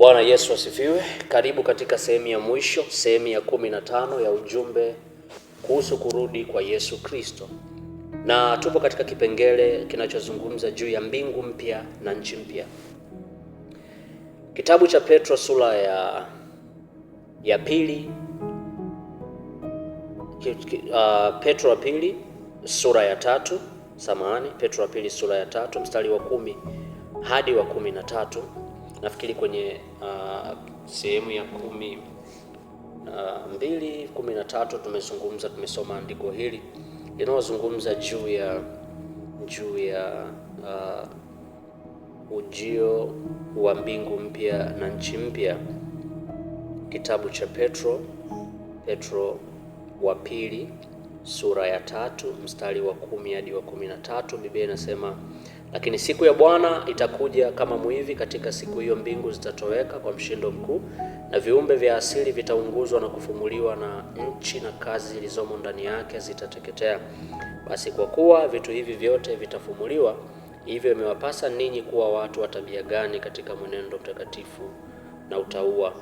Bwana Yesu asifiwe. Karibu katika sehemu ya mwisho, sehemu ya kumi na tano ya ujumbe kuhusu kurudi kwa Yesu Kristo, na tupo katika kipengele kinachozungumza juu ya mbingu mpya na nchi mpya. Kitabu cha Petro sura ya, ya pili uh, Petro wa pili sura ya tatu samahani, Petro wa pili sura ya tatu mstari wa kumi hadi wa kumi na tatu nafikiri kwenye uh, sehemu ya kumi na uh, mbili kumi na tatu tumezungumza, tumesoma andiko hili linalozungumza juu ya juu ya uh, ujio wa mbingu mpya na nchi mpya, kitabu cha Petro, Petro wa pili sura ya tatu mstari wa kumi hadi wa kumi na tatu Biblia inasema lakini siku ya Bwana itakuja kama mwivi. Katika siku hiyo mbingu zitatoweka kwa mshindo mkuu, na viumbe vya asili vitaunguzwa na kufumuliwa, na nchi na kazi zilizomo ndani yake zitateketea. Basi kwa kuwa vitu hivi vyote vitafumuliwa, hivyo imewapasa ninyi kuwa watu wa tabia gani katika mwenendo mtakatifu na utaua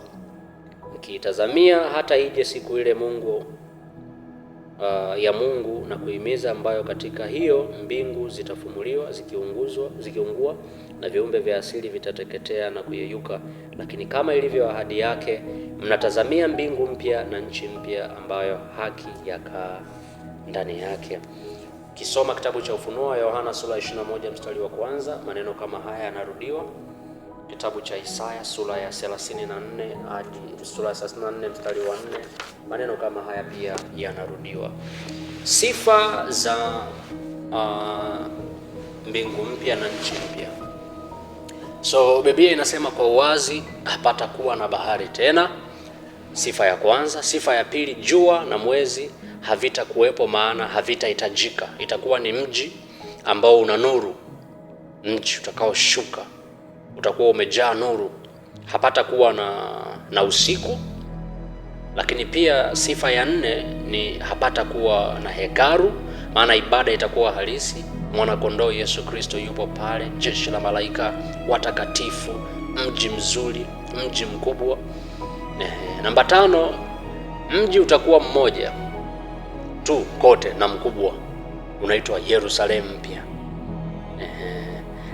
mkiitazamia hata ije siku ile Mungu uh, ya Mungu na kuhimiza, ambayo katika hiyo mbingu zitafumuliwa zikiunguzwa, zikiungua na viumbe vya asili vitateketea na kuyeyuka, lakini kama ilivyo ahadi yake, mnatazamia mbingu mpya na nchi mpya ambayo haki yakaa ndani yake. Kisoma kitabu cha Ufunuo Yohana sura 21 mstari wa kwanza, maneno kama haya yanarudiwa kitabu cha Isaya sura ya 34 hadi sura ya 34 mstari wa 4. Maneno kama haya pia yanarudiwa. Sifa za uh, mbingu mpya na nchi mpya. So Biblia inasema kwa uwazi, hapata kuwa na bahari tena. Sifa ya kwanza. Sifa ya pili, jua na mwezi havita kuwepo maana havitahitajika. Itakuwa ni mji ambao una nuru, mji utakaoshuka utakuwa umejaa nuru, hapata kuwa na, na usiku. Lakini pia sifa ya nne ni hapata kuwa na hekaru, maana ibada itakuwa halisi. Mwanakondoo Yesu Kristo yupo pale, jeshi la malaika watakatifu, mji mzuri, mji mkubwa. Namba tano, mji utakuwa mmoja tu kote na mkubwa, unaitwa Yerusalemu mpya.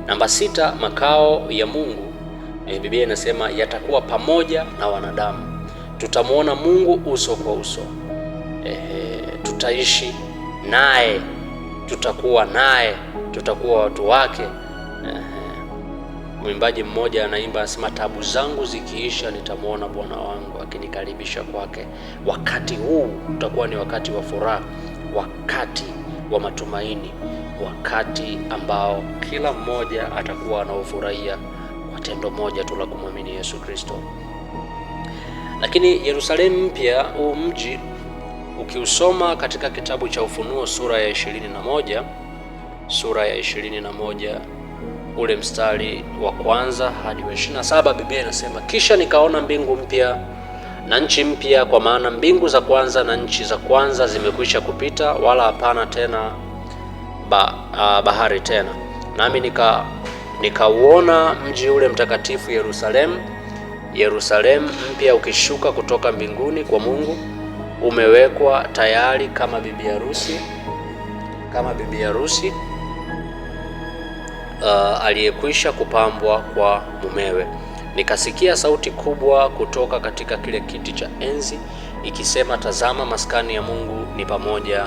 Namba sita, makao ya Mungu. E, Biblia inasema yatakuwa pamoja na wanadamu, tutamwona Mungu uso kwa uso. E, tutaishi naye, tutakuwa naye, tutakuwa watu wake. E, mwimbaji mmoja anaimba anasema, tabu zangu zikiisha, nitamwona Bwana wangu akinikaribisha kwake. Wakati huu utakuwa ni wakati wa furaha, wakati wa matumaini wakati ambao kila mmoja atakuwa anaofurahia kwa tendo moja tu la kumwamini Yesu Kristo. Lakini Yerusalemu mpya, huu mji ukiusoma katika kitabu cha Ufunuo sura ya 21 sura ya 21 ule mstari wa kwanza hadi wa 27, Biblia inasema, kisha nikaona mbingu mpya na nchi mpya, kwa maana mbingu za kwanza na nchi za kwanza zimekwisha kupita, wala hapana tena ba, a, bahari tena, nami nika nikauona mji ule mtakatifu Yerusalemu, Yerusalemu mpya ukishuka kutoka mbinguni kwa Mungu, umewekwa tayari kama bibi harusi, kama bibi harusi uh, aliyekwisha kupambwa kwa mumewe. Nikasikia sauti kubwa kutoka katika kile kiti cha enzi ikisema, tazama, maskani ya Mungu ni pamoja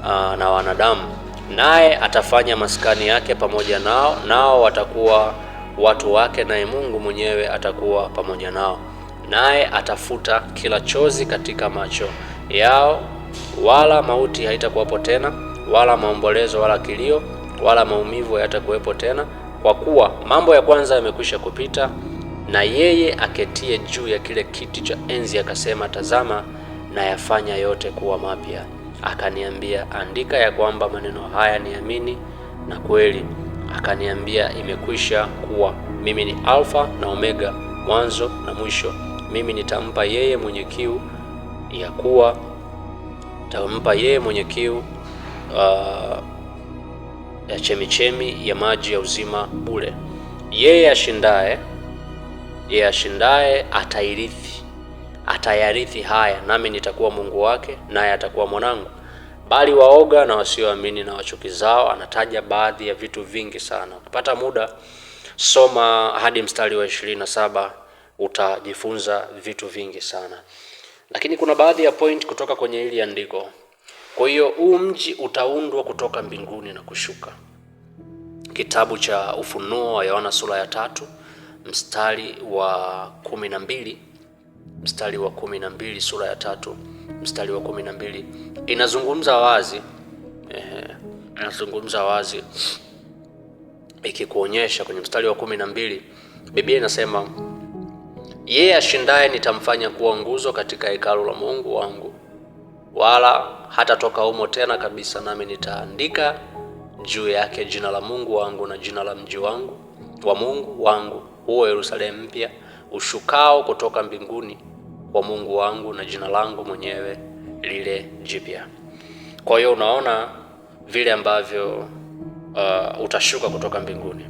uh, na wanadamu naye atafanya maskani yake pamoja nao, nao watakuwa watu wake, naye Mungu mwenyewe atakuwa pamoja nao, naye atafuta kila chozi katika macho yao, wala mauti haitakuwapo tena, wala maombolezo, wala kilio, wala maumivu hayatakuwepo tena, kwa kuwa mambo ya kwanza yamekwisha kupita. Na yeye aketie juu ya kile kiti cha enzi akasema, tazama, na yafanya yote kuwa mapya. Akaniambia, andika ya kwamba maneno haya ni amini na kweli. Akaniambia, imekwisha kuwa. Mimi ni Alfa na Omega, mwanzo na mwisho. Mimi nitampa yeye mwenye kiu ya kuwa tampa yeye mwenye kiu uh, ya chemichemi ya maji ya uzima bure. Yeye ashindaye, yeye ashindaye atairithi atayarithi haya, nami nitakuwa Mungu wake naye atakuwa mwanangu. Bali waoga na wasioamini na wachuki zao anataja baadhi ya vitu vingi sana. Ukipata muda, soma hadi mstari wa ishirini na saba utajifunza vitu vingi sana, lakini kuna baadhi ya point kutoka kwenye hili andiko. Kwa hiyo huu mji utaundwa kutoka mbinguni na kushuka. Kitabu cha Ufunuo wa Yohana sura ya tatu mstari wa kumi na mbili mstari wa kumi na mbili sura ya tatu mstari wa kumi na mbili inazungumza wazi eh, inazungumza wazi ikikuonyesha kwenye mstari wa kumi na mbili Biblia inasema yeye ashindaye nitamfanya kuwa nguzo katika hekalu la Mungu wangu, wala hatatoka humo tena kabisa, nami nitaandika juu yake jina la Mungu wangu na jina la mji wangu wa Mungu wangu, huo Yerusalemu mpya ushukao kutoka mbinguni, wa Mungu wangu na jina langu mwenyewe lile jipya. Kwa hiyo unaona vile ambavyo uh, utashuka kutoka mbinguni,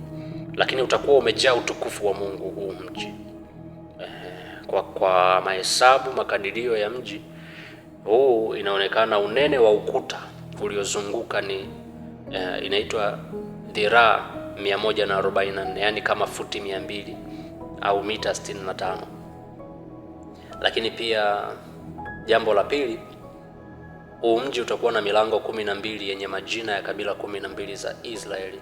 lakini utakuwa umejaa utukufu wa Mungu huu mji. Eh, kwa, kwa mahesabu makadirio ya mji huu inaonekana unene wa ukuta uliozunguka ni eh, inaitwa dhiraa 144 yani kama futi 200 au mita 65. Lakini pia jambo la pili, huu mji utakuwa na milango kumi na mbili yenye majina ya kabila kumi na mbili za Israeli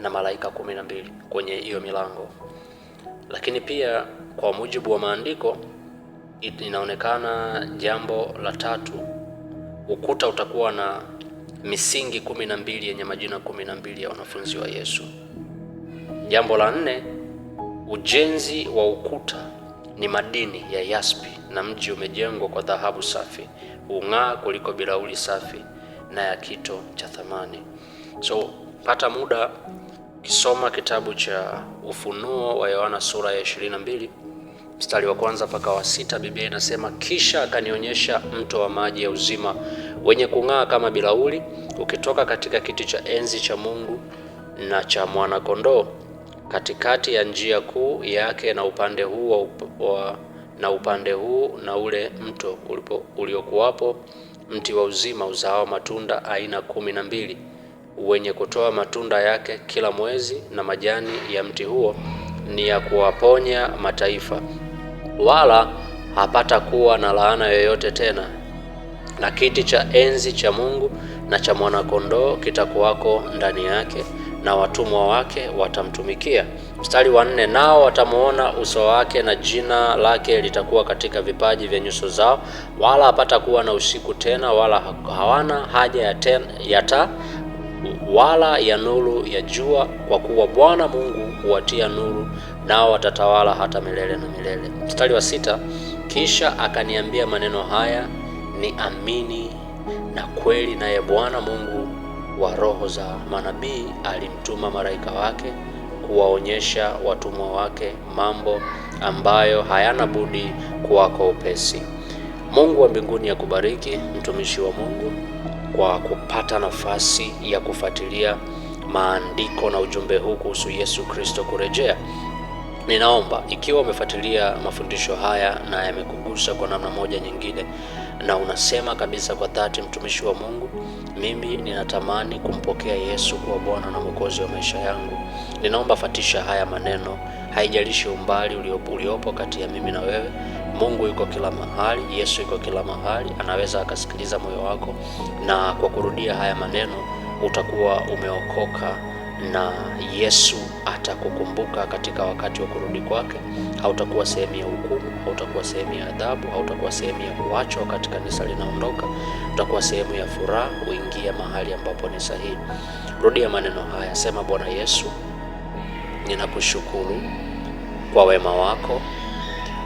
na malaika kumi na mbili kwenye hiyo milango. Lakini pia kwa mujibu wa maandiko inaonekana, jambo la tatu, ukuta utakuwa na misingi kumi na mbili yenye majina kumi na mbili ya wanafunzi wa Yesu. Jambo la nne, ujenzi wa ukuta ni madini ya yaspi na mji umejengwa kwa dhahabu safi, ung'aa kuliko bilauli safi na ya kito cha thamani. So pata muda kisoma kitabu cha Ufunuo wa Yohana sura ya 22 mstari wa kwanza mpaka wa sita. Biblia inasema, kisha akanionyesha mto wa maji ya uzima wenye kung'aa kama bilauli ukitoka katika kiti cha enzi cha Mungu na cha mwanakondoo katikati ya njia kuu yake na upande huu wa, wa na upande huu na ule mto ulipo uliokuwapo mti wa uzima uzao matunda aina kumi na mbili wenye kutoa matunda yake kila mwezi, na majani ya mti huo ni ya kuwaponya mataifa, wala hapata kuwa na laana yoyote tena. Na kiti cha enzi cha Mungu na cha mwanakondoo kitakuwako ndani yake na watumwa wake watamtumikia. Mstari wa nne, nao watamuona uso wake na jina lake litakuwa katika vipaji vya nyuso zao, wala hapata kuwa na usiku tena, wala hawana haja ya, ten, ya taa wala ya nuru ya jua, kwa kuwa Bwana Mungu huwatia nuru, nao watatawala hata milele na milele. Mstari wa sita, kisha akaniambia maneno haya, ni amini na kweli, naye Bwana Mungu wa roho za manabii alimtuma malaika wake kuwaonyesha watumwa wake mambo ambayo hayana budi kuwa kwa upesi. Mungu wa mbinguni akubariki mtumishi wa Mungu kwa kupata nafasi ya kufuatilia maandiko na ujumbe huu kuhusu Yesu Kristo kurejea. Ninaomba ikiwa umefuatilia mafundisho haya na yamekugusa kwa namna moja nyingine na unasema kabisa kwa dhati, mtumishi wa Mungu, mimi ninatamani kumpokea Yesu kuwa Bwana na Mwokozi wa maisha yangu. Ninaomba fatisha haya maneno, haijalishi umbali uliopo, uliopo kati ya mimi na wewe. Mungu yuko kila mahali, Yesu yuko kila mahali, anaweza akasikiliza moyo wako, na kwa kurudia haya maneno utakuwa umeokoka na Yesu atakukumbuka katika wakati wa kurudi kwake hautakuwa sehemu ya hukumu, hautakuwa sehemu ya adhabu, hautakuwa sehemu ya kuachwa wakati kanisa linaondoka. Utakuwa sehemu ya furaha, kuingia mahali ambapo ni sahihi. Rudia maneno haya, sema: Bwana Yesu, ninakushukuru kwa wema wako,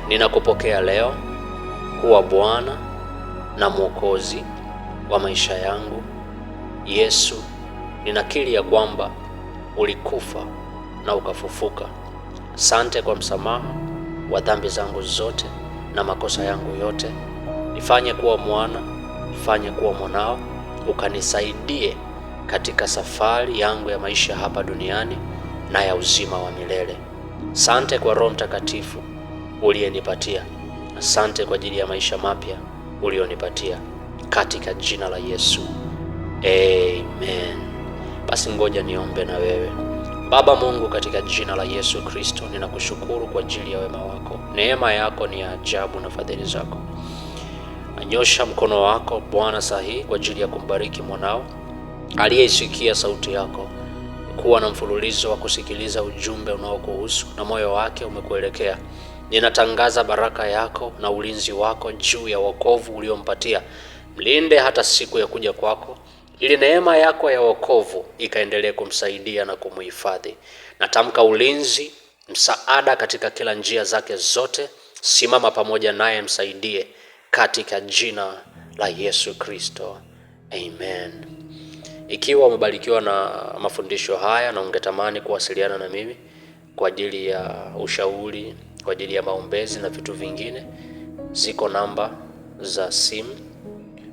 ninakupokea leo kuwa Bwana na Mwokozi wa maisha yangu. Yesu, ninakiri ya kwamba ulikufa na ukafufuka Sante kwa msamaha wa dhambi zangu zote na makosa yangu yote. Nifanye kuwa mwana, nifanye kuwa mwanao, ukanisaidie katika safari yangu ya maisha hapa duniani na ya uzima wa milele. Sante kwa Roho Mtakatifu uliyenipatia. Asante kwa ajili ya maisha mapya ulionipatia katika jina la Yesu. Amen. Basi ngoja niombe na wewe. Baba Mungu, katika jina la Yesu Kristo ninakushukuru kwa ajili ya wema wako. Neema yako ni ya ajabu na fadhili zako. Anyosha mkono wako Bwana sahihi kwa ajili ya kumbariki mwanao aliyeisikia sauti yako kuwa na mfululizo wa kusikiliza ujumbe unaokuhusu na moyo wake umekuelekea. Ninatangaza baraka yako na ulinzi wako juu ya wokovu uliompatia. Mlinde hata siku ya kuja kwako ili neema yako ya wokovu ikaendelee kumsaidia na kumhifadhi. Natamka ulinzi, msaada katika kila njia zake zote. Simama pamoja naye, msaidie katika jina la Yesu Kristo, amen. Ikiwa umebarikiwa na mafundisho haya na ungetamani kuwasiliana na mimi kwa ajili ya ushauri, kwa ajili ya maombezi na vitu vingine, ziko namba za simu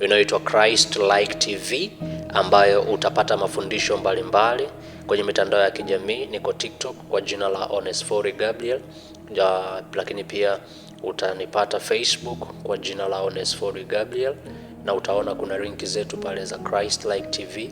inayoitwa Christ Like TV ambayo utapata mafundisho mbalimbali mbali. Kwenye mitandao ya kijamii niko TikTok kwa jina la Onesfori Gabriel ja, lakini pia utanipata Facebook kwa jina la Onesfori Gabriel na utaona kuna linki zetu pale za Christ Like TV.